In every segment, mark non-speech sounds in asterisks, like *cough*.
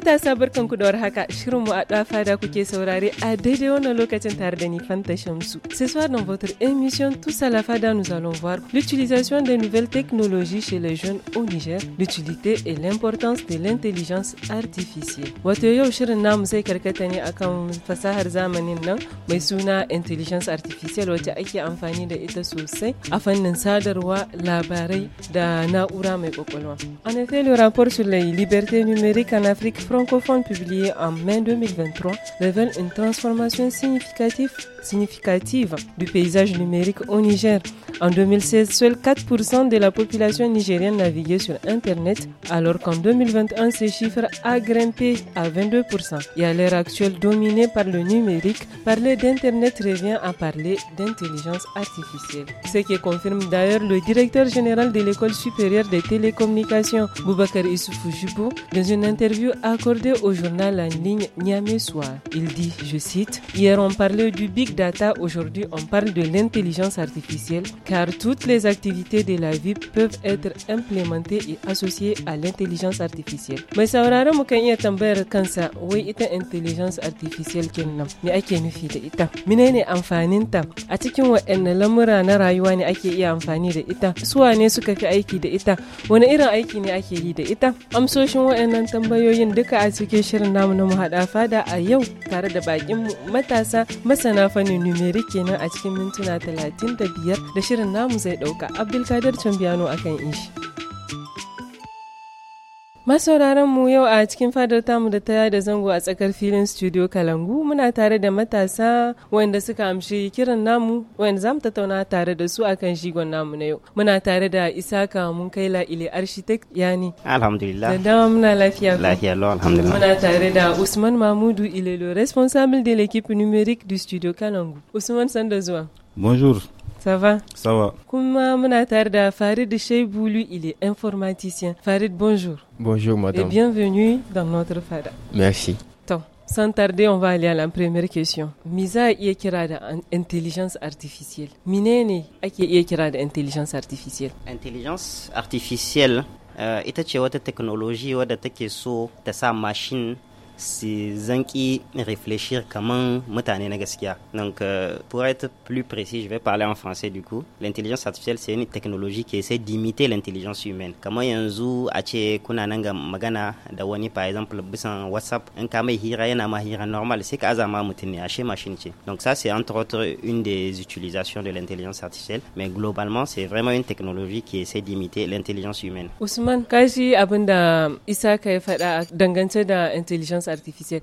matasa barkanku da haka shirinmu a ɗafa da kuke saurare a daidai wannan lokacin tare da ni Fanta Shamsu. Ce soir dans votre émission Tous à la Fada nous allons voir l'utilisation des nouvelles technologies chez les jeunes au Niger, l'utilité et l'importance de l'intelligence artificielle. Wato yau shirin namu sai karkata ne akan fasahar zamanin nan mai suna intelligence artificielle wacce ake amfani da ita sosai a fannin sadarwa labarai da na'ura mai kwakwalwa. En effet, le rapport sur les libertés numériques en Afrique francophone publié en mai 2023 révèle une transformation significative significative du paysage numérique au Niger. En 2016, seuls 4% de la population nigérienne naviguait sur Internet, alors qu'en 2021, ce chiffre a grimpé à 22%. Et à l'heure actuelle, dominée par le numérique, parler d'Internet revient à parler d'intelligence artificielle. Ce qui confirme d'ailleurs le directeur général de l'École supérieure des télécommunications, Boubacar Issoufou Jubou, dans une interview accordée au journal en ligne Niamey Soir. Il dit, je cite, Hier on parlait du Big big data, aujourd'hui on parle de l'intelligence artificielle car toutes les activités de la vie peuvent être implémentées et associées à l'intelligence artificielle. Mais ça Mai sauraron mu kan iya tambayar Oui, c'est ita intelligence artificielle qui est là. Mais kenan me ake nufi da une Menene amfanin ta? A cikin waɗanne lamura na rayuwa ne ake une amfani da ita? Suwa ne suka fi aiki da ita? Wani irin aiki ne ake yi da ita? Amsoshin waɗannan tambayoyin duka a cikin shirin namu na mu haɗa fada a yau tare da bakin matasa masana fannin numerik kenan a cikin mintuna 35 da shirin namu zai dauka abdulkadir cambiano akan ishi Masauraran mu yau a cikin fadar tamu da ta da zango a tsakar filin studio Kalangu muna tare da matasa wanda suka amshi kiran namu wanda za mu tattauna tare da su akan shigon namu na yau. Muna tare da Isaka mun kai la ile architect yani. Alhamdulillah. Da dama muna lafiya. Lafiya lo alhamdulillah. Muna tare da Usman Mamudu Ilelo responsable de l'équipe numérique du studio Kalangu. Usman da zuwa. Bonjour. Ça va Ça va. Kuma Manatarda, Farid Cheiboulou, il est informaticien. Farid, bonjour. Bonjour, madame. Et bienvenue dans notre FADA. Merci. Sans tarder, on va aller à la première question. Misa yekirada intelligence artificielle. ake intelligence artificielle? Intelligence artificielle euh, ita ce technologie, wadda so sa machine c'est zanki réfléchir comment mutane na gaskiya. Donc euh, pour être plus précis, je vais parler en français du coup. L'intelligence artificielle c'est une technologie qui essaie d'imiter l'intelligence humaine. comment yanzu a ce kuna nanga magana da wani par exemple bisan WhatsApp in ka mai hira yana ma normal c'est ka azama mutum a machine ce. Donc ça c'est entre autres une des utilisations de l'intelligence artificielle mais globalement c'est vraiment une technologie qui essaie d'imiter l'intelligence humaine. Ousmane, kashi abinda Isa ka faɗa dangance da intelligence artificielle.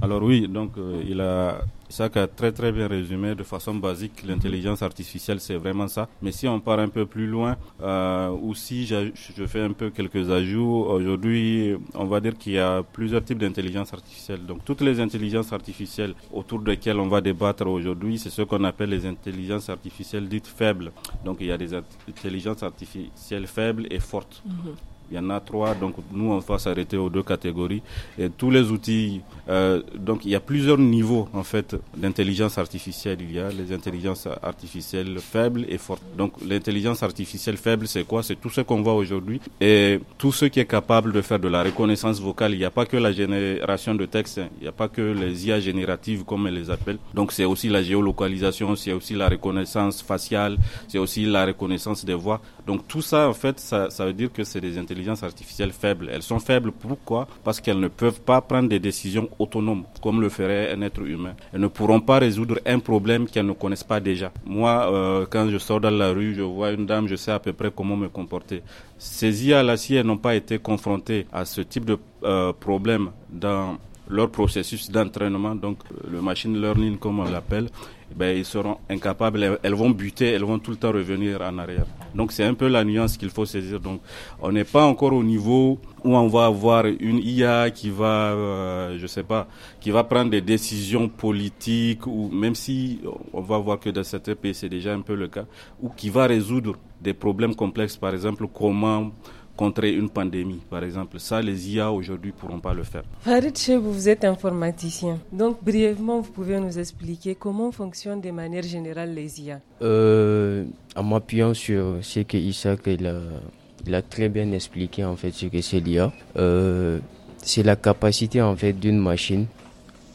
Alors oui, donc euh, il a ça a très très bien résumé de façon basique l'intelligence artificielle, c'est vraiment ça. Mais si on part un peu plus loin, euh, ou si je fais un peu quelques ajouts, aujourd'hui, on va dire qu'il y a plusieurs types d'intelligence artificielle. Donc toutes les intelligences artificielles autour desquelles on va débattre aujourd'hui, c'est ce qu'on appelle les intelligences artificielles dites faibles. Donc il y a des intelligences artificielles faibles et fortes. Mhm. Il y en a trois, donc nous on va s'arrêter aux deux catégories. Et tous les outils, euh, donc il y a plusieurs niveaux en fait d'intelligence artificielle. Il y a les intelligences artificielles faibles et fortes. Donc l'intelligence artificielle faible, c'est quoi C'est tout ce qu'on voit aujourd'hui et tout ce qui est capable de faire de la reconnaissance vocale. Il n'y a pas que la génération de texte, hein. il n'y a pas que les IA génératives comme on les appelle. Donc c'est aussi la géolocalisation, c'est aussi la reconnaissance faciale, c'est aussi la reconnaissance des voix. Donc tout ça en fait, ça, ça veut dire que c'est des intelligences intelligence artificielle faible. Elles sont faibles pourquoi Parce qu'elles ne peuvent pas prendre des décisions autonomes comme le ferait un être humain. Elles ne pourront pas résoudre un problème qu'elles ne connaissent pas déjà. Moi, euh, quand je sors dans la rue, je vois une dame, je sais à peu près comment me comporter. Ces IA-là, si elles n'ont pas été confrontées à ce type de euh, problème dans leur processus d'entraînement, donc euh, le machine learning comme on l'appelle, eh ben, ils seront incapables, elles vont buter, elles vont tout le temps revenir en arrière. Donc c'est un peu la nuance qu'il faut saisir. Donc on n'est pas encore au niveau où on va avoir une IA qui va, euh, je sais pas, qui va prendre des décisions politiques ou même si on va voir que dans certains pays c'est déjà un peu le cas, ou qui va résoudre des problèmes complexes, par exemple comment contrer une pandémie, par exemple. Ça, les IA aujourd'hui pourront pas le faire. Farid vous êtes informaticien. Donc, brièvement, vous pouvez nous expliquer comment fonctionnent de manière générale les IA euh, En m'appuyant sur ce que Isaac a, très bien expliqué, en fait, ce que c'est l'IA. Euh, c'est la capacité, en fait, d'une machine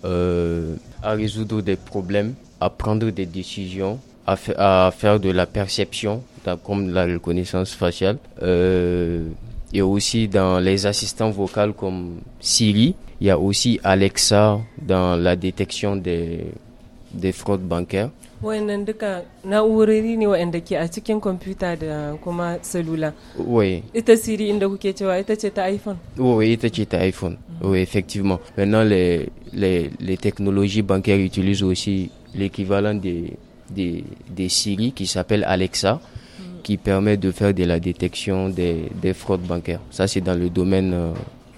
euh, à résoudre des problèmes, à prendre des décisions, à faire de la perception comme la reconnaissance faciale, euh, et aussi dans les assistants vocaux comme Siri. Il y a aussi Alexa dans la détection des, des fraudes bancaires. en de ke a un computer comme kuma oui. ita siri inda iphone oui ita iphone mm. oui effectivement maintenant les, les, technologies bancaires utilisent aussi l'équivalent des, des, des siri qui s'appelle alexa qui permet de faire de la détection des, fraudes bancaires. Ça, c'est dans le domaine euh,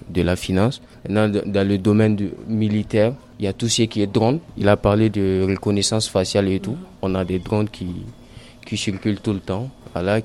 de la finance. Dans, dans le domaine militaire, il y a tout ce qui est drone. Il a parlé de reconnaissance faciale et tout. On a des drones qui, qui circulent tout le temps,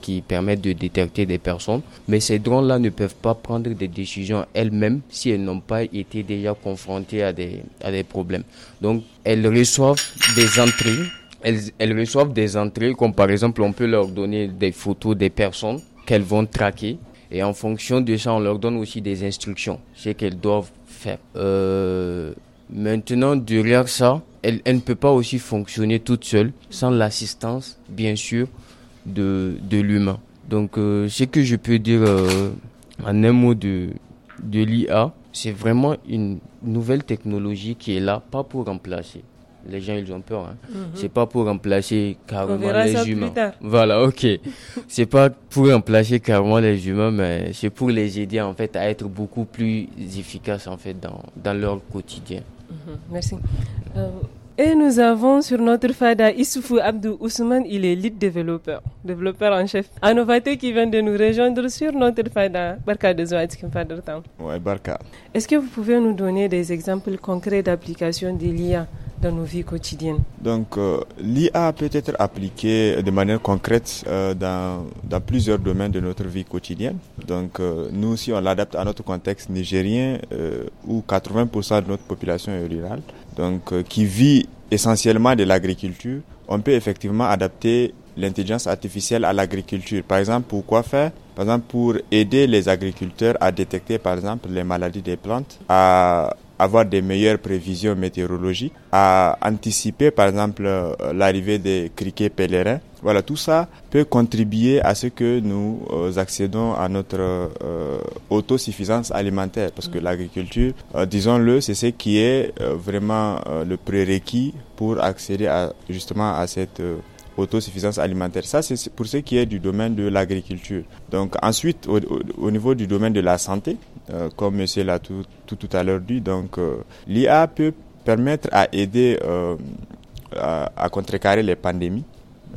qui permettent de détecter des personnes. Mais ces drones-là ne peuvent pas prendre des décisions elles-mêmes si elles n'ont pas été déjà confrontées à des, à des problèmes. Donc, elles reçoivent des entrées elles, reçoivent des entrées, comme par exemple, on peut leur donner des photos des personnes qu'elles vont traquer. Et en fonction de ça, on leur donne aussi des instructions, ce qu'elles doivent faire. Euh, maintenant, derrière ça, elle, ne peut pas aussi fonctionner toute seule, sans l'assistance, bien sûr, de, l'humain. Donc, euh, ce que je peux dire euh, en un mot de l'IA, c'est vraiment une nouvelle technologie qui est là, pas pour remplacer, les gens ils ont peur. Hein. n'est mhm. C'est pas pour remplacer carrément les humains. Voilà, ok. c'est pas pour remplacer carrément les humains, mais c'est pour les aider en fait à être beaucoup plus efficaces en fait dans, dans leur quotidien. Mhm. Merci. Euh, et nous avons sur notre FADA Issoufou Abdou Ousmane, il est lead développeur, développeur en chef. Anovate qui vient de nous rejoindre sur notre FADA. Barka de Ouais, Barka. Est-ce que vous pouvez nous donner des exemples concrets d'application de l'IA dans nos vies quotidiennes. Donc euh, l'IA peut être appliquée de manière concrète euh, dans, dans, plusieurs domaines de notre vie quotidienne. Donc euh, nous aussi on l'adapte à notre contexte nigérien où 80% de notre population est rurale, donc qui vit essentiellement de l'agriculture. On peut effectivement adapter l'intelligence artificielle à l'agriculture. Par exemple, pour quoi faire Par exemple, pour aider les agriculteurs à détecter, par exemple, les maladies des plantes, à avoir des meilleures prévisions météorologiques, à anticiper par exemple euh, l'arrivée des criquets pèlerins. Voilà, tout ça peut contribuer à ce que nous euh, accédons à notre euh, autosuffisance alimentaire, parce que mm. l'agriculture, disons-le, c'est ce qui est vraiment le prérequis pour accéder à, justement à cette autosuffisance alimentaire. Ça, c'est pour ce qui est du domaine de l'agriculture. Donc ensuite, au, niveau du domaine de la santé, euh, comme monsieur l'a tout, tout, à l'heure dit. Donc, euh, l'IA peut permettre à aider euh, à, contrecarrer les pandémies,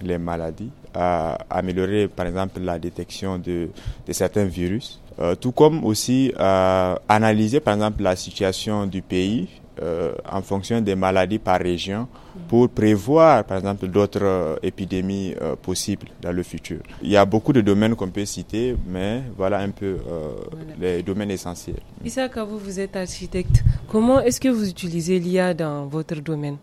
les maladies, à améliorer par exemple la détection de, de certains virus, tout comme aussi à analyser par exemple la situation du pays euh, en fonction des maladies par région pour prévoir, par exemple, d'autres euh, épidémies euh, possibles dans le futur. Il y a beaucoup de domaines qu'on peut citer, mais voilà un peu les domaines essentiels. Issa, quand vous, vous êtes architecte, comment est-ce que vous utilisez l'IA dans votre domaine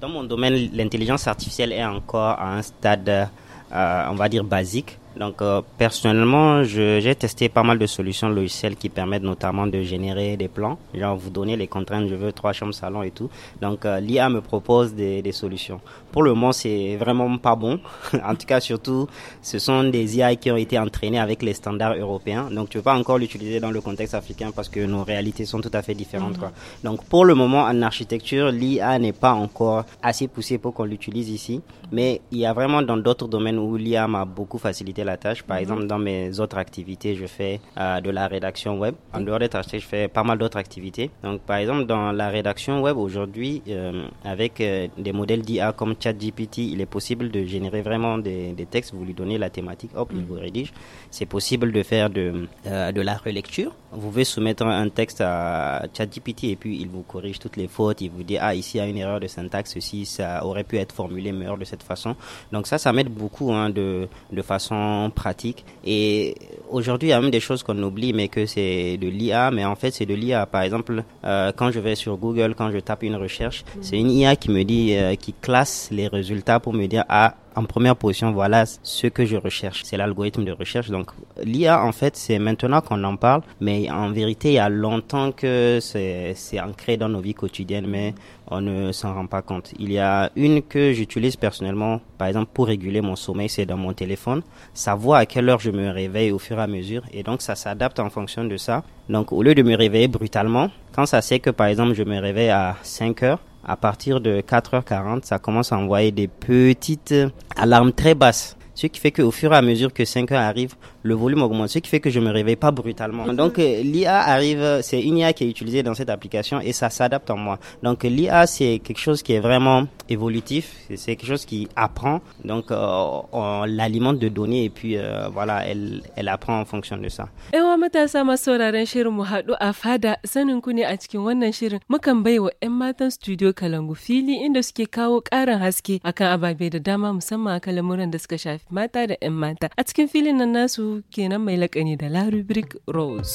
Dans mon domaine, l'intelligence artificielle est encore à un stade, on va dire, basique donc euh, personnellement, j'ai testé pas mal de solutions logicielles qui permettent notamment de générer des plans, genre vous donner les contraintes, je veux trois chambres, salon et tout. Donc euh, l'IA me propose des, solutions. Pour le moment, c'est vraiment pas bon. *laughs* en tout cas, surtout, ce sont des IA qui ont été entraînées avec les standards européens. Donc tu peux pas encore l'utiliser dans le contexte africain parce que nos réalités sont tout à fait différentes. Mhm. Donc pour le moment, en architecture, l'IA n'est pas encore assez poussée pour qu'on l'utilise ici. Mais il y a vraiment dans d'autres domaines où l'IA m'a beaucoup facilité la tâche. Par mhm. exemple, dans mes autres activités, je fais euh, de la rédaction web. En dehors des tâches, je fais pas mal d'autres activités. Donc, par exemple, dans la rédaction web aujourd'hui, euh, avec euh, des modèles d'IA comme ChatGPT, il est possible de générer vraiment des, des, textes. Vous lui donnez la thématique, hop, il mhm. vous rédige. C'est possible de faire de, de la relecture. Vous pouvez soumettre un texte à ChatGPT et puis il vous corrige toutes les fautes. Il vous dit, ah, ici il y a une erreur de syntaxe, ceci, ça aurait pu être formulé meilleur de cette façon. Donc ça, ça m'aide beaucoup hein, de, de façon pratique. Et aujourd'hui, il y a même des choses qu'on oublie, mais que c'est de l'IA, mais en fait, c'est de l'IA. Par exemple, euh, quand je vais sur Google, quand je tape une recherche, mm. c'est une IA qui me dit, euh, qui classe les résultats pour me dire, ah, en première position, voilà ce que je recherche. C'est l'algorithme de recherche. Donc, l'IA, en fait, c'est maintenant qu'on en parle, mais en vérité, il y a longtemps que c'est ancré dans nos vies quotidiennes, mais on ne s'en rend pas compte. Il y a une que j'utilise personnellement, par exemple, pour réguler mon sommeil, c'est dans mon téléphone, Ça voit à quelle heure je me réveille au fur et à mesure, et donc ça s'adapte en fonction de ça. Donc, au lieu de me réveiller brutalement, quand ça sait que, par exemple, je me réveille à 5 heures, à partir de 4h40, ça commence à envoyer des petites alarmes très basses. Ce qui fait qu'au fur et à mesure que 5 h arrive, le volume augmente, ce qui fait que je me réveille pas brutalement. Mhm. Donc euh, l'IA arrive, c'est une IA qui est utilisée dans cette application et ça s'adapte en moi. Donc euh, l'IA c'est quelque chose qui est vraiment évolutif, c'est quelque chose qui apprend. Donc euh, on l'alimente de données et puis euh, voilà, elle, elle apprend en fonction de ça. Et Yawa matasa masu sauraron shirin mu haɗu a fada sanin ku ne a cikin wannan shirin mukan baiwa 'yan matan studio Kalangu fili inda suke kawo ƙarin haske akan ababe da dama musamman akan lamuran da suka shafi mata da 'yan mata. A cikin filin nan nasu keenan mailaqanii dalaa rubrik roos.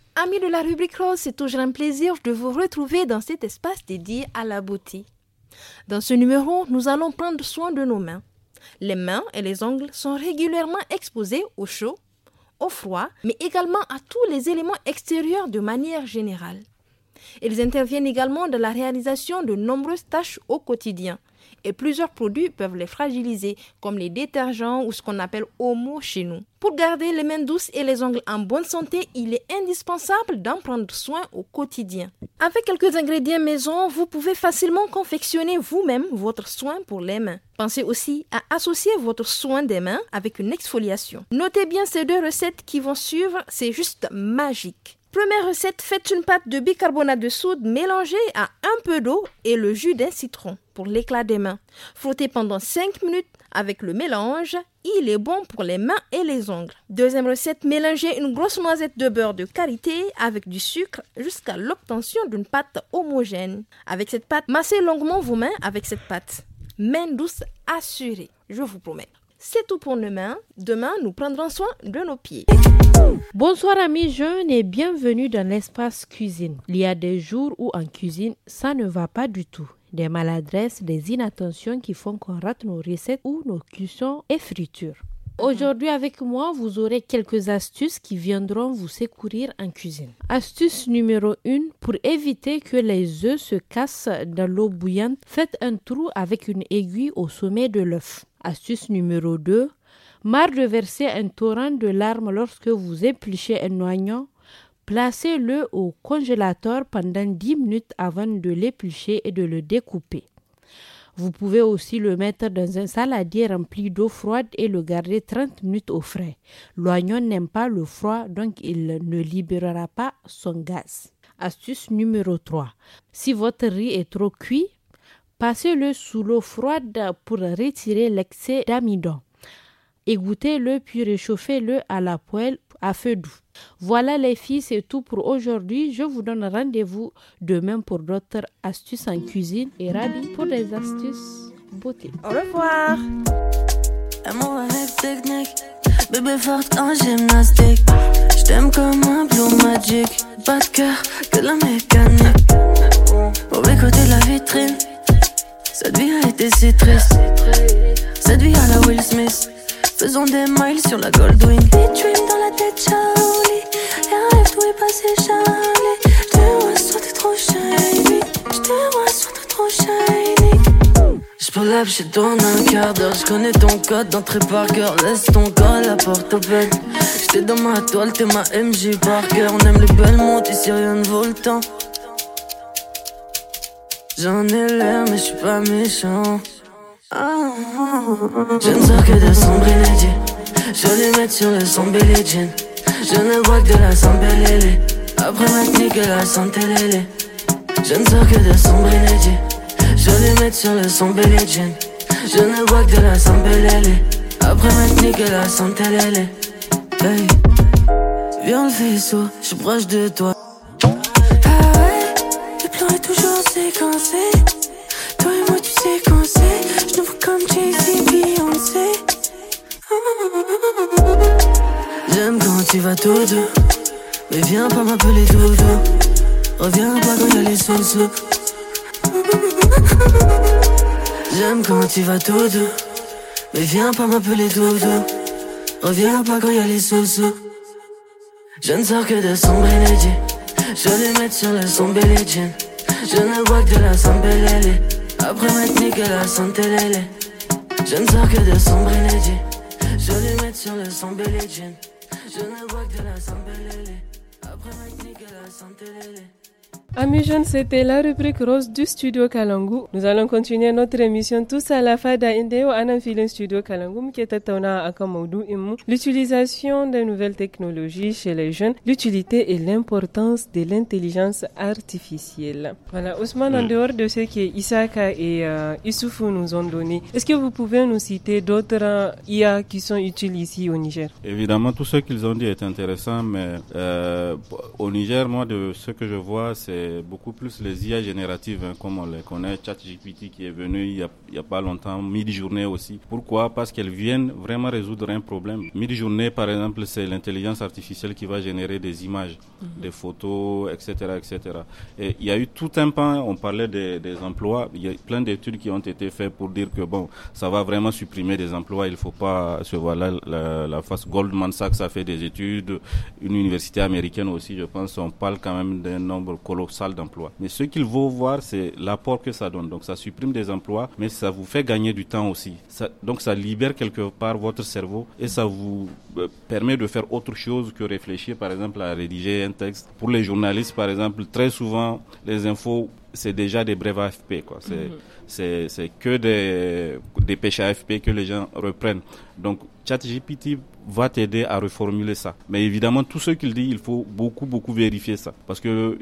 Amis de la rubrique rose, c'est toujours un plaisir de vous retrouver dans cet espace dédié à la beauté. Dans ce numéro, nous allons prendre soin de nos mains. Les mains et les ongles sont régulièrement exposés au chaud, au froid, mais également à tous les éléments extérieurs de manière générale. Ils interviennent également dans la réalisation de nombreuses tâches au quotidien, et plusieurs produits peuvent les fragiliser, comme les détergents ou ce qu'on appelle homo chez nous. Pour garder les mains douces et les ongles en bonne santé, il est indispensable d'en prendre soin au quotidien. Avec quelques ingrédients maison, vous pouvez facilement confectionner vous-même votre soin pour les mains. Pensez aussi à associer votre soin des mains avec une exfoliation. Notez bien ces deux recettes qui vont suivre, c'est juste magique. Première recette, faites une pâte de bicarbonate de soude mélangée à un peu d'eau et le jus d'un citron pour l'éclat des mains. Frottez pendant 5 minutes avec le mélange. Il est bon pour les mains et les ongles. Deuxième recette, mélangez une grosse noisette de beurre de qualité avec du sucre jusqu'à l'obtention d'une pâte homogène. Avec cette pâte, massez longuement vos mains avec cette pâte. Mains douce assurée, je vous promets. C'est tout pour demain. Demain, nous prendrons soin de nos pieds. Bonsoir amis jeunes et bienvenue dans l'espace cuisine. Il y a des jours où en cuisine, ça ne va pas du tout des maladresses, des inattentions qui font qu'on rate nos recettes ou nos cuissons et fritures. Aujourd'hui avec moi, vous aurez quelques astuces qui viendront vous secourir en cuisine. Astuce numéro 1, pour éviter que les œufs se cassent dans l'eau bouillante, faites un trou avec une aiguille au sommet de l'œuf. Astuce numéro 2. Marre de verser un torrent de larmes lorsque vous épluchez un oignon, placez-le au congélateur pendant 10 minutes avant de l'éplucher et de le découper. Vous pouvez aussi le mettre dans un saladier rempli d'eau froide et le garder 30 minutes au frais. L'oignon n'aime pas le froid, donc il ne libérera pas son gaz. Astuce numéro 3. Si votre riz est trop cuit, Passez-le sous l'eau froide pour retirer l'excès d'amidon. Égouttez-le puis réchauffez-le à la poêle à feu doux. Voilà les filles, c'est tout pour aujourd'hui. Je vous donne rendez-vous demain pour d'autres astuces en cuisine et ravi pour des astuces beauté. Au revoir. comme la vitrine. Cette vie a été si triste. Cette vie à la Will Smith. Faisons des miles sur la Goldwing tu dreams dans la tête, Charlie. Et un rêve, tout est passé, Charlie. J'te vois, soit t'es trop shiny. J'te vois, soit t'es trop shiny. J'peux chez toi en un quart d'heure. J'connais ton code d'entrée par cœur. Laisse ton gars à la porte ouverte, j't'ai dans ma toile, t'es ma MJ par cœur. On aime les belles montres, ici rien ne vaut le J'en ai l'air, mais je suis pas méchant. je ne sors que de son Je lui mets sur le son Billie Jean. Je ne bois que de la Sambelele. Après ma que la Santelele. Je ne sors que de son Je lui mets sur le son Billie Je ne bois que de la Sambelele. Après ma que la est Hey. Viens le faisceau, je suis proche de toi. Toi et moi, tu sais quand c'est. Je nous vois comme Jay-Z, Beyoncé. J'aime quand tu vas tout doux. Mais viens pas m'appeler doux Reviens pas quand y'a les sous-sous. J'aime quand tu vas tout doux. Mais viens pas m'appeler doux Reviens pas quand y'a les sous-sous. Je ne sors que de son Benedji. Je les mettre sur le son Billie je ne bois que de la sambelele Après m'être que la santelele Je ne sors que de son Benedji Je lui mets sur le jeans. Je ne bois que de la sambelele Après m'être que la Amis jeunes, c'était la rubrique rose du studio Kalangu. Nous allons continuer notre émission tous à la fada indéo film studio Kalangu qui était L'utilisation des nouvelles technologies chez les jeunes, l'utilité et l'importance de l'intelligence artificielle. Voilà, Ousmane, en mm. dehors de ce que Isaka et euh, Issoufou nous ont donné, est-ce que vous pouvez nous citer d'autres euh, IA qui sont utiles ici au Niger? Évidemment, tout ce qu'ils ont dit est intéressant, mais euh, au Niger, moi, de ce que je vois, c'est beaucoup plus les IA génératives, hein, comme on les connaît, ChatGPT qui est venu il n'y a, pas longtemps, Journée aussi. Pourquoi Parce qu'elles viennent vraiment résoudre un problème. Journée par exemple, c'est l'intelligence artificielle qui va générer des images, mhm. des photos, etc., etc. Et il y a eu tout un pan, on parlait des, emplois, il y a plein d'études qui ont été faites pour dire que bon, ça va vraiment supprimer des emplois, il ne faut pas se voir la, la, la face. Goldman Sachs a fait des études, une université américaine aussi, je pense, on parle quand même d'un nombre colossal salle d'emploi. Mais ce qu'il faut voir, c'est l'apport que ça donne. Donc ça supprime des emplois, mais ça vous fait gagner du temps aussi. donc ça libère quelque part votre cerveau et ça vous euh, permet de faire autre chose que réfléchir, par exemple, à rédiger un texte. Pour les journalistes, par exemple, très souvent, les infos c'est déjà des brèves AFP. Quoi. Mhm. C'est, que des, des pêches AFP que les gens reprennent. Donc, ChatGPT va t'aider à reformuler ça. Mais évidemment, tout ce qu'il dit, il faut beaucoup, beaucoup vérifier ça. Parce que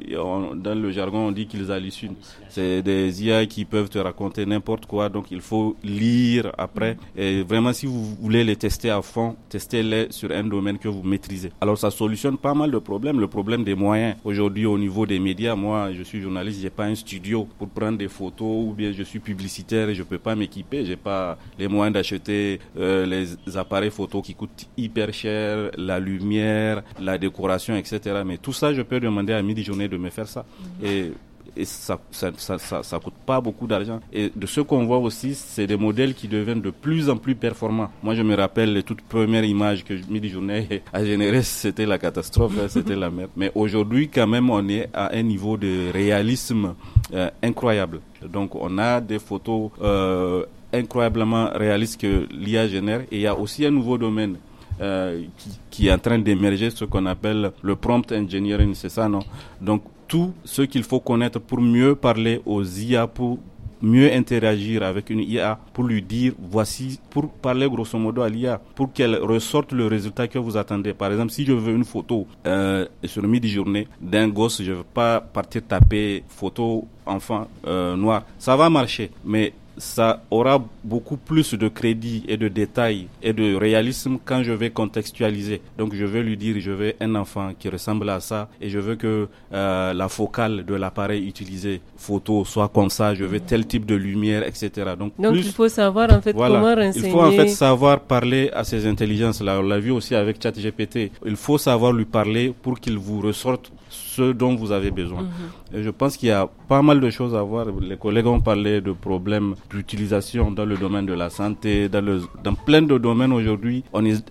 dans le jargon, on dit qu'ils hallucinent. C'est des IA qui peuvent te raconter n'importe quoi. Donc, il faut lire après. Et vraiment, si vous voulez les tester à fond, testez-les sur un domaine que vous maîtrisez. Alors, ça solutionne pas mal de problèmes. Le problème des moyens. Aujourd'hui, au niveau des médias, moi, je suis journaliste, j'ai pas un studio pour prendre des photos ou bien je suis publicitaire et je peux pas m'équiper. J'ai pas les moyens d'acheter euh, les appareils photos qui coûtent hyper cher, la lumière, la décoration, etc. Mais tout ça, je peux demander à midi-journée de me faire ça. Et et ça ça, ça, ça coûte pas beaucoup d'argent. Et de ce qu'on voit aussi, c'est des modèles qui deviennent de plus en plus performants. Moi, je me rappelle les toutes premières images que Midi Journée *laughs* a générées, c'était la catastrophe, hein, c'était la merde. Mais aujourd'hui, quand même, on est à un niveau de réalisme euh, incroyable. Donc, on a des photos euh, incroyablement réalistes que l'IA génère. Et il y a aussi un nouveau domaine euh, qui, est en train d'émerger, ce qu'on appelle le prompt engineering, c'est ça, non Donc, tout ce qu'il faut connaître pour mieux parler aux IA, pour mieux interagir avec une IA, pour lui dire, voici, pour parler grosso modo à l'IA, pour qu'elle ressorte le résultat que vous attendez. Par exemple, si je veux une photo euh, sur midi-journée d'un gosse, je ne veux pas partir taper photo enfant euh, noir. Ça va marcher, mais ça aura beaucoup plus de crédit et de détails et de réalisme quand je vais contextualiser. Donc je vais lui dire, je veux un enfant qui ressemble à ça et je veux que euh, la focale de l'appareil utilisé photo soit comme ça, je veux tel type de lumière, etc. Donc, il faut savoir en fait comment renseigner. Il faut en fait savoir parler à ces intelligences-là. On l'a vu aussi avec ChatGPT. Il faut savoir lui parler pour qu'il vous ressorte ce dont vous avez besoin. Mhm je pense qu'il y a pas mal de choses à voir. Les collègues ont parlé de problèmes d'utilisation dans le domaine de la santé, dans, dans plein de domaines aujourd'hui,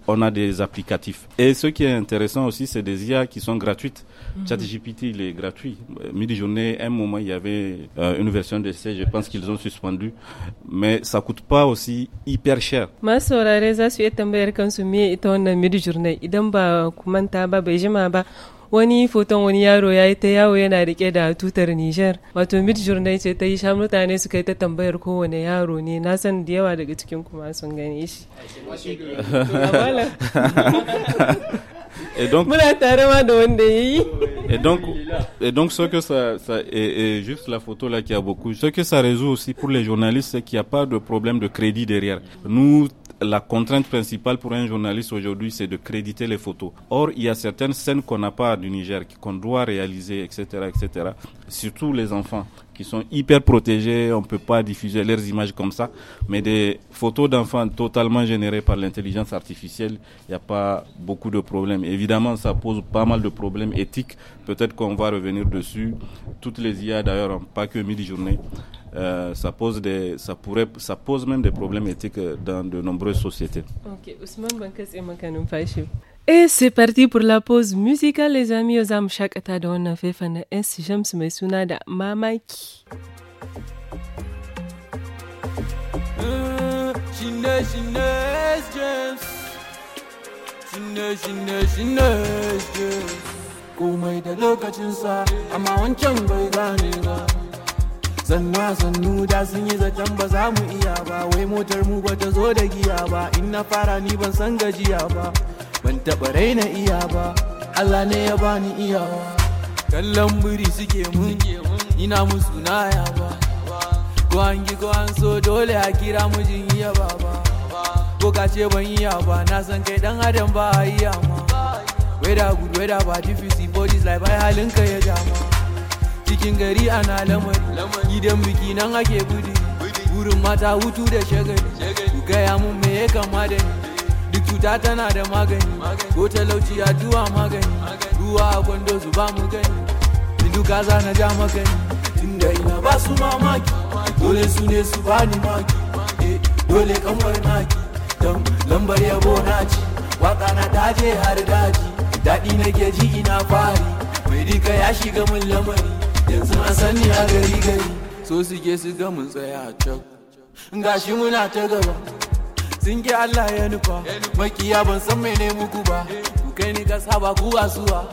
on, a des applicatifs. Et ce qui est intéressant aussi, c'est des IA qui sont gratuites. Mhm. ChatGPT, il est gratuit. Midi-journée, un moment, il y avait euh, une version d'essai, je pense qu'ils ont suspendu. Mais ça coûte pas aussi hyper cher. Ma wani foton wani yaro ya yi ta yawo yana rike da tutar Nijar. Wato mid journey ce ta yi sha mutane suka yi ta tambayar kowane yaro ne na san da yawa daga cikin kuma sun gane shi. *laughs* Et donc, et donc, et donc, ce que ça, ça et, et juste la photo là qui a beaucoup, ce que ça résout aussi pour les journalistes, c'est qu'il n'y a pas de problème de crédit derrière. Nous la contrainte principale pour un journaliste aujourd'hui, c'est de créditer les photos. Or, il y a certaines scènes qu'on n'a pas du Niger, qu'on doit réaliser, etc., etc., surtout les enfants qui sont hyper protégés, on ne peut pas diffuser leurs images comme ça, mais des photos d'enfants totalement générées par l'intelligence artificielle, il n'y a pas beaucoup de problèmes. Évidemment, ça pose pas mal de problèmes éthiques, peut-être qu'on va revenir dessus. Toutes les IA d'ailleurs, pas que midi-journée, euh, ça, pose des, ça, pourrait, ça pose même des problèmes éthiques euh, dans de nombreuses sociétés. Ok, Ousmane Bankas et Et c'est parti pour la pause musicale, les amis. Aux âmes, chaque état de fait fan S. James da Mamaki. da lokacinsa, amma da sun yi zaton ba za mu iya ba, wai motar mu ba ta zo da giya ba, in na fara ni ban san gajiya ba. ban taɓa raina iya ba Allah ne ya bani iyawa kallon biri suke mun ina musu na ya ba gi so dole a kira mijin iya ba ko ka ce ban iya ba na san kai dan adam ba a iya ma weda good weda ba difficult bodies like bai halin ka ya jama. cikin gari ana lamari gidan biki nan ake gudu wurin mata hutu da shagali ku gaya mun me ya kama da ni Duk cuta tana da magani, ko talauci duwa magani, ruwa a kwando su ba mu gani, bindu kaza na ja magani. Tunda ina ba su mamaki, dole su ne su ni maki, eh, dole kamar naki, don lambar yabo na ci, waka na daje har daji, daɗi na ji ina fari, mai dika ya shiga mun lamari, yanzu an sani a gari gari, so suke su ga mun tsaya a can. Gashi muna ta gaba. sun Allah ya nufa makiya ban san mene muku ba ku kai ni kasa ba ku asuwa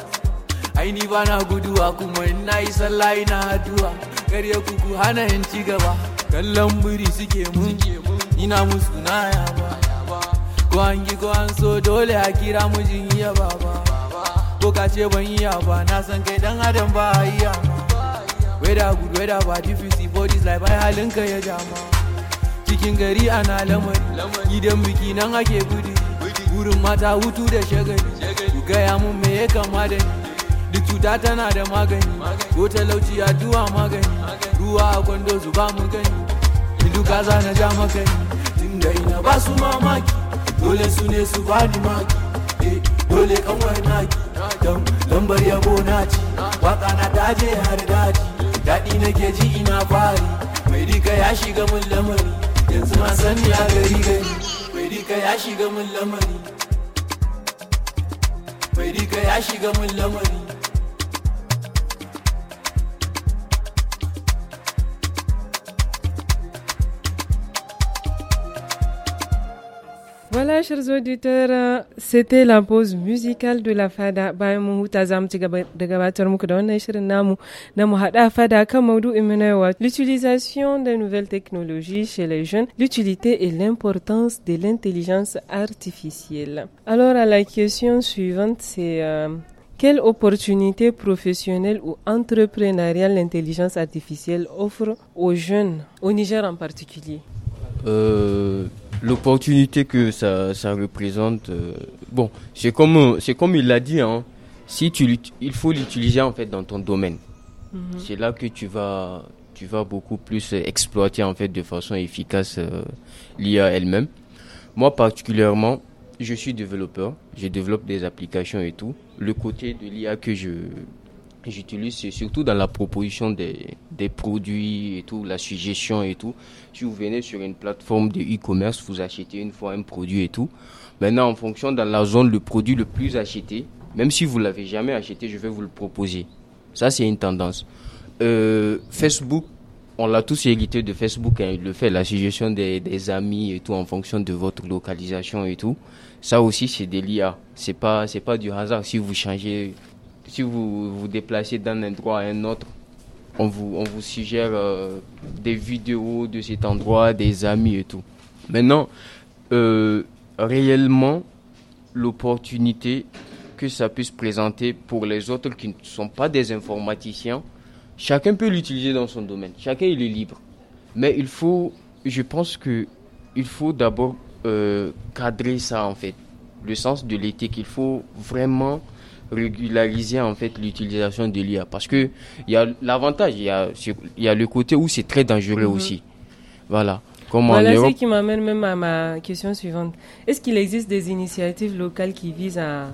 ai ni ba na guduwa kuma in na yi sallah ina addu'a karya ku ku hana in ci gaba kallon buri suke mun ina musu na yaba ko an gi ko an so dole a kira mijin ba baba ko ka ce ban iya ba na san kai dan adam ba iya weda good weda ba difficult bodies like halin ka ya jama cikin gari ana lamari gidan biki nan ake gudu wurin mata hutu da shagali ku gaya mun me ya kama da ni duk cuta tana da magani ko talauci addu'a magani ruwa a kwando su ba mu gani duka kaza na ja maka tunda ina ba su mamaki dole su ne su ba ni maki eh, dole kanwar naki don lambar yabo na ci waka na daje har daji daɗi nake ji ina fari mai duka ya shiga mun lamari yanzu ma sani ya gari gari mai dika ya shiga mun lamari ya shiga mun lamari Voilà, chers auditeurs, c'était la pause musicale de la fada. L'utilisation des nouvelles technologies chez les jeunes, l'utilité et l'importance de l'intelligence artificielle. Alors, à la question suivante, c'est quelles euh, quelle opportunité professionnelle ou entrepreneuriale l'intelligence artificielle offre aux jeunes, au Niger en particulier euh, l'opportunité que ça, représente. Euh, bon, c'est comme, euh, c'est comme il l'a dit, hein. si tu, il faut l'utiliser en fait dans ton domaine. Mhm. C'est là que tu vas, tu vas beaucoup plus euh, exploiter en fait de façon efficace l'IA elle-même. Moi particulièrement, je suis développeur, je développe des applications et tout. Le côté de l'IA que je, J'utilise surtout dans la proposition des, produits et tout, la suggestion et tout. Si vous venez sur une plateforme de e-commerce, vous achetez une fois un produit et tout. Maintenant, en fonction dans la zone, le produit le plus acheté, même si vous ne l'avez jamais acheté, je vais vous le proposer. Ça, c'est une tendance. Euh, Facebook, on l'a tous hérité de Facebook, hein. il le fait, la suggestion des, amis et tout en fonction de votre localisation et tout. Ça aussi, c'est des liens. C'est pas, c'est pas du hasard si vous changez si vous vous déplacez d'un endroit à un autre, on vous, on vous suggère euh, des vidéos de cet endroit, des amis et tout. Maintenant, euh, réellement, l'opportunité que ça puisse présenter pour les autres qui ne sont pas des informaticiens, chacun peut l'utiliser dans son domaine. Chacun il est libre. Mais il faut, je pense que il faut d'abord euh, cadrer ça en fait, le sens de l'éthique. Il faut vraiment régulariser en fait l'utilisation de l'IA. Parce que il y a l'avantage, il y a, le côté où c'est très dangereux mhm. aussi. Voilà. Comme ce qui m'amène même à ma question suivante. Est-ce qu'il existe des initiatives locales qui visent à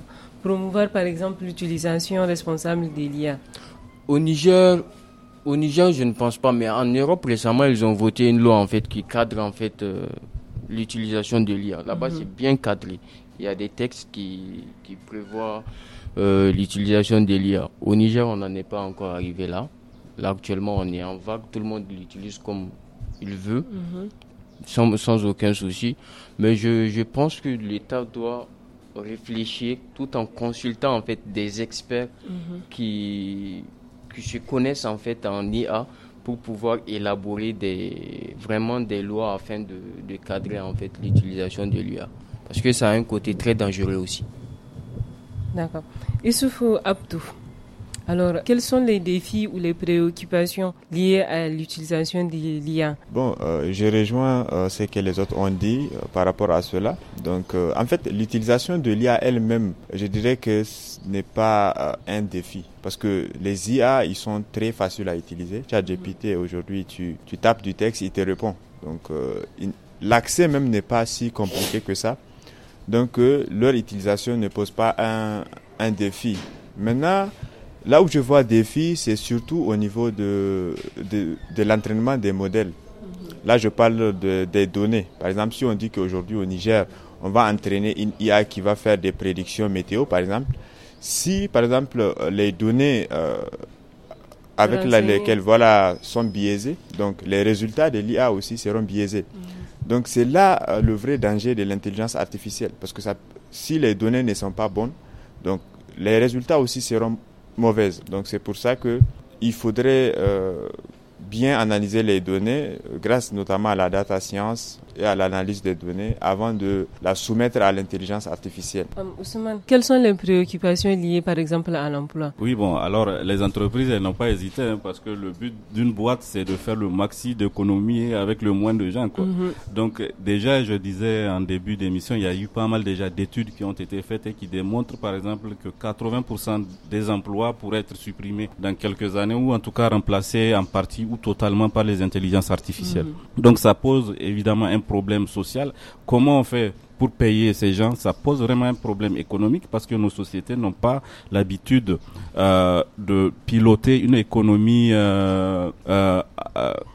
promouvoir par exemple l'utilisation responsable de l'IA Au Niger, au Niger, je ne pense pas, mais en Europe récemment, ils ont voté une loi en fait qui cadre en fait euh, l'utilisation de l'IA. Là-bas, mhm. c'est bien cadré. Il y a des textes qui, qui prévoient euh, l'utilisation de l'IA. Au Niger, on n'en est pas encore arrivé là. Là, actuellement, on est en vague. Tout le monde l'utilise comme il veut, mhm. sans, aucun souci. Mais je, pense que l'État doit réfléchir tout en consultant en fait des experts mhm. qui, se connaissent en fait en IA pour pouvoir élaborer des, vraiment des lois afin de, de cadrer en fait l'utilisation de l'IA. Parce que ça a un côté très dangereux aussi. D'accord. Issouf Abdou, alors quels sont les défis ou les préoccupations liées à l'utilisation de l'IA Bon, euh, je rejoins euh, ce que les autres ont dit euh, par rapport à cela. Donc, en fait, l'utilisation de l'IA elle-même, je dirais que ce n'est pas un défi parce que les IA, ils sont très faciles à utiliser. ChatGPT, aujourd'hui, tu, tu tapes du texte, il te répond. Donc, l'accès même n'est pas si compliqué que ça. Donc leur utilisation ne pose pas un, défi. Maintenant, là où je vois défi, c'est surtout au niveau de, l'entraînement des modèles. Mhm. Là, je parle des données. Par exemple, si on dit qu'aujourd'hui au Niger, on va entraîner une IA qui va faire des prédictions météo, par exemple, si, par exemple, euh, les données euh, avec lesquelles voilà, sont biaisées, donc les résultats de l'IA aussi seront biaisés. Mhm. Donc c'est là euh, le vrai danger de l'intelligence artificielle, parce que si les données ne sont pas bonnes, donc les résultats aussi seront mauvaises. Donc c'est pour ça que il faudrait euh, bien analyser les données euh, grâce notamment à la data science, et à l'analyse des données avant de la soumettre à l'intelligence artificielle. Euh, Ousmane, quelles sont les préoccupations liées par exemple à l'emploi Oui, bon, alors les entreprises, elles n'ont pas hésité hein, parce que le but d'une boîte, c'est de faire le maxi d'économie avec le moins de gens. Mhm. Donc déjà, je disais en début d'émission, il y a eu pas mal déjà d'études qui ont été faites et qui démontrent par exemple que 80% des emplois pourraient être supprimés dans quelques années ou en tout cas remplacés en partie ou totalement par les intelligences artificielles. Mhm. Donc ça pose évidemment un problème social comment on fait pour payer ces gens, ça pose vraiment un problème économique parce que nos sociétés n'ont pas l'habitude euh, de piloter une économie euh, euh,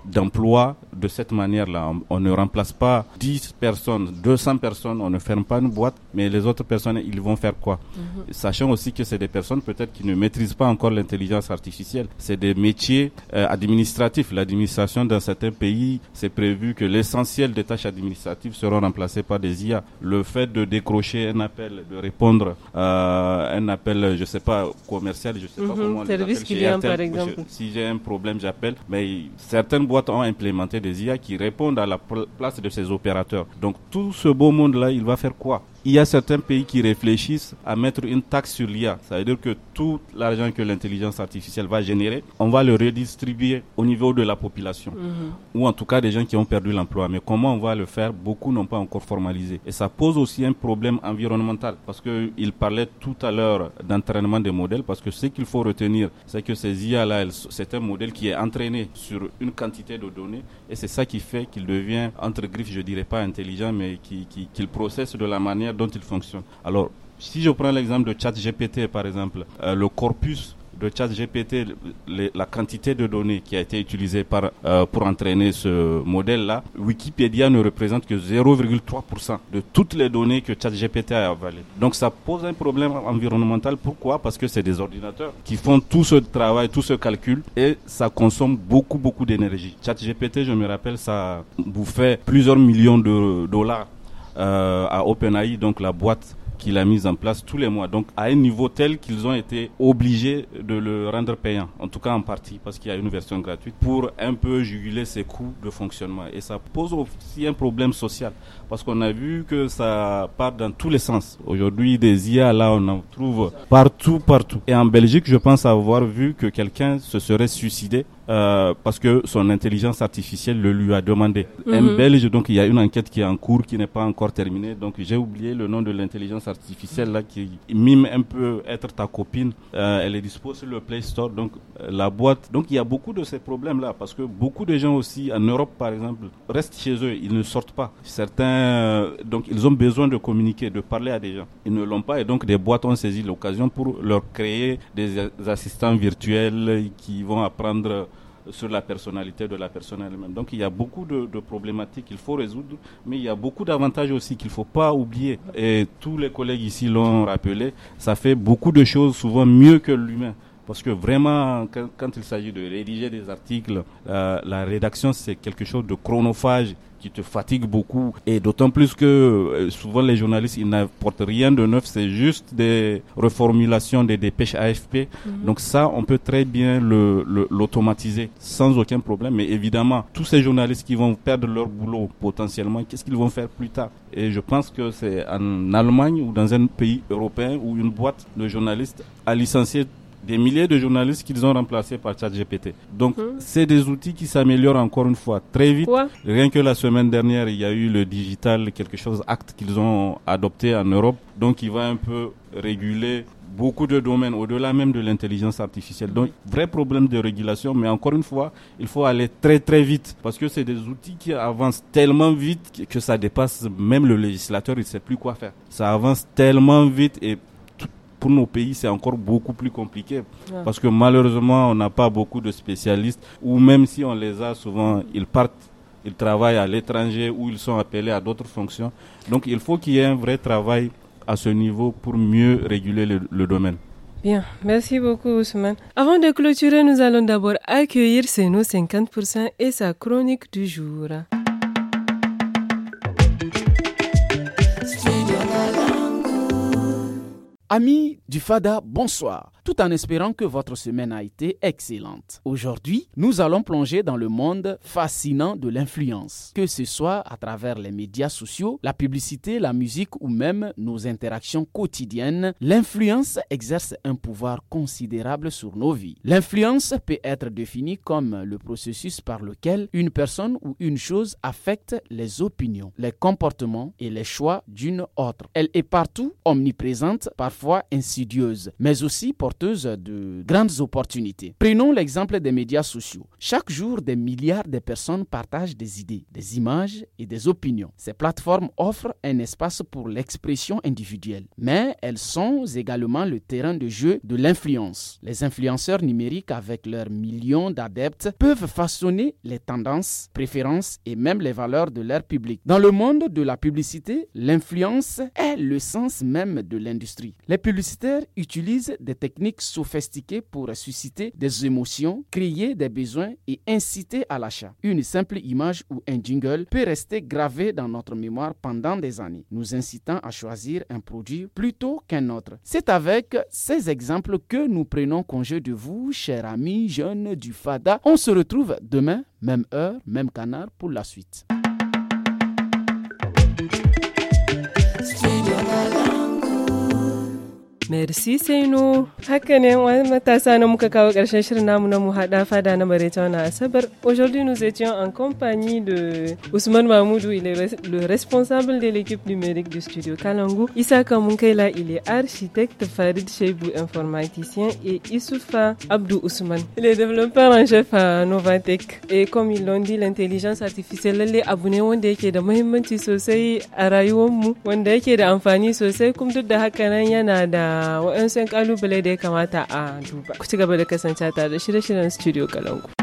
d'emploi de cette manière-là. On, ne remplace pas 10 personnes, 200 personnes, on ne ferme pas une boîte, mais les autres personnes, ils vont faire quoi mhm. Sachant aussi que c'est des personnes peut-être qui ne maîtrisent pas encore l'intelligence artificielle. C'est des métiers administratifs. L'administration dans certains pays, c'est prévu que l'essentiel des tâches administratives seront remplacées n'est pas des IA. Le fait de décrocher un appel, de répondre à un appel, je sais pas, commercial, je ne sais pas mhm, comment... Service qui par si j'ai un problème, j'appelle. Mais certaines boîtes ont implémenté des IA qui répondent à la place de ces opérateurs. Donc tout ce beau monde-là, il va faire quoi il y a certains pays qui réfléchissent à mettre une taxe sur l'IA. Ça veut dire que tout l'argent que l'intelligence artificielle va générer, on va le redistribuer au niveau de la population. Mhm. Ou en tout cas des gens qui ont perdu l'emploi. Mais comment on va le faire Beaucoup n'ont pas encore formalisé. Et ça pose aussi un problème environnemental. Parce qu'il parlait tout à l'heure d'entraînement des modèles. Parce que ce qu'il faut retenir, c'est que ces IA-là, c'est un modèle qui est entraîné sur une quantité de données. Et c'est ça qui fait qu'il devient, entre griffes, je dirais pas intelligent, mais qu'il qui, qui, processe de la manière dont il fonctionne. Alors, si je prends l'exemple de ChatGPT, par exemple, euh, le corpus de ChatGPT, la quantité de données qui a été utilisée par, euh, pour entraîner ce modèle-là, Wikipédia ne représente que 0,3% de toutes les données que ChatGPT a avalées. Donc ça pose un problème environnemental. Pourquoi Parce que c'est des ordinateurs qui font tout ce travail, tout ce calcul et ça consomme beaucoup, beaucoup d'énergie. ChatGPT, je me rappelle, ça bouffait plusieurs millions de dollars euh, à OpenAI, donc la boîte qu'il a mise en place tous les mois. Donc à un niveau tel qu'ils ont été obligés de le rendre payant, en tout cas en partie, parce qu'il y a une version gratuite, pour un peu juguler ses coûts de fonctionnement. Et ça pose aussi un problème social, parce qu'on a vu que ça part dans tous les sens. Aujourd'hui, des IA, là, on en trouve partout, partout. Et en Belgique, je pense avoir vu que quelqu'un se serait suicidé euh, parce que son intelligence artificielle le lui a demandé. Un mhm. Belge, donc il y a une enquête qui est en cours, qui n'est pas encore terminée. Donc j'ai oublié le nom de l'intelligence artificielle là qui mime un peu être ta copine. Euh, elle est dispo sur le Play Store, donc euh, la boîte. Donc il y a beaucoup de ces problèmes là parce que beaucoup de gens aussi en Europe par exemple restent chez eux, ils ne sortent pas. Certains, euh, donc ils ont besoin de communiquer, de parler à des gens. Ils ne l'ont pas et donc des boîtes ont saisi l'occasion pour leur créer des assistants virtuels qui vont apprendre sur la personnalité de la personne elle-même. Donc il y a beaucoup de, problématiques qu'il faut résoudre, mais il y a beaucoup d'avantages aussi qu'il ne faut pas oublier. Et tous les collègues ici l'ont rappelé, ça fait beaucoup de choses souvent mieux que l'humain. Parce que vraiment, quand, il s'agit de rédiger des articles, euh, la rédaction, c'est quelque chose de chronophage qui te fatigue beaucoup. Et d'autant plus que euh, souvent les journalistes, ils n'apportent rien de neuf, c'est juste des reformulations des dépêches AFP. Mhm. Donc ça, on peut très bien l'automatiser le, l'automatiser sans aucun problème. Mais évidemment, tous ces journalistes qui vont perdre leur boulot potentiellement, qu'est-ce qu'ils vont faire plus tard Et je pense que c'est en Allemagne ou dans un pays européen où une boîte de journalistes a licencié des milliers de journalistes qu'ils ont remplacés par ChatGPT. Donc, hmm. c'est des outils qui s'améliorent encore une fois très vite. Rien que la semaine dernière, il y a eu le digital, quelque chose, acte qu'ils ont adopté en Europe. Donc, il va un peu réguler beaucoup de domaines, au-delà même de l'intelligence artificielle. Donc, hmm. vrai problème de régulation, mais encore une fois, il faut aller très très vite, parce que c'est des outils qui avancent tellement vite que ça dépasse même le législateur, il ne sait plus quoi faire. Ça avance tellement vite et pour nos pays, c'est encore beaucoup plus compliqué. Parce que malheureusement, on n'a pas beaucoup de spécialistes, ou même si on les a, souvent, ils partent, ils travaillent à l'étranger, ou ils sont appelés à d'autres fonctions. Donc, il faut qu'il y ait un vrai travail à ce niveau pour mieux réguler le, domaine. Bien, merci beaucoup Ousmane. Avant de clôturer, nous allons d'abord accueillir Ceno 50% et sa chronique du jour. Amis du Fada, bonsoir tout en espérant que votre semaine a été excellente. Aujourd'hui, nous allons plonger dans le monde fascinant de l'influence, que ce soit à travers les médias sociaux, la publicité, la musique ou même nos interactions quotidiennes. L'influence exerce un pouvoir considérable sur nos vies. L'influence peut être définie comme le processus par lequel une personne ou une chose affecte les opinions, les comportements et les choix d'une autre. Elle est partout, omniprésente, parfois insidieuse, mais aussi pour de grandes opportunités. Prenons l'exemple des médias sociaux. Chaque jour, des milliards de personnes partagent des idées, des images et des opinions. Ces plateformes offrent un espace pour l'expression individuelle, mais elles sont également le terrain de jeu de l'influence. Les influenceurs numériques, avec leurs millions d'adeptes, peuvent façonner les tendances, préférences et même les valeurs de leur public. Dans le monde de la publicité, l'influence est le sens même de l'industrie. Les publicitaires utilisent des techniques sophistiqués pour susciter des émotions, créer des besoins et inciter à l'achat. Une simple image ou un jingle peut rester gravé dans notre mémoire pendant des années, nous incitant à choisir un produit plutôt qu'un autre. C'est avec ces exemples que nous prenons congé de vous, chers amis jeunes du FADA. On se retrouve demain, même heure, même canard pour la suite. Merci Seynou Haka matasa na muka namu na fada na Aujourd'hui nous étions en compagnie de Ousmane Mahmoudou, il est le responsable de l'équipe numérique du studio Kalangu. Issa Kamunkaila, il est architecte, Farid Cheibou, informaticien et Issoufa Abdou Ousmane. Il est développeur en chef à Novatech. Et comme ils l'ont dit, l'intelligence artificielle, elle est abonnée à yake da muhimmanci sosai a rayuwarmu, wanda yake da amfani sosai kuma duk da yana da da waɗansu 'yan kalubale da ya kamata a duba. Ku ci gaba da kasance tare da shirye-shiryen Studio Kalangu.